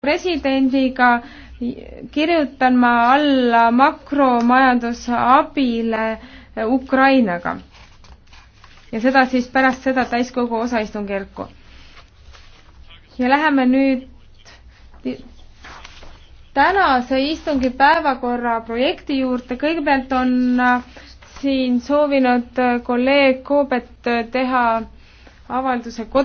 presidendiga kirjutan ma alla makromajandusabile Ukrainaga. ja seda siis pärast seda täiskogu osaistungjärku. ja läheme nüüd tänase istungi päevakorra projekti juurde. kõigepealt on siin soovinud kolleeg Koobet teha avalduse kod-.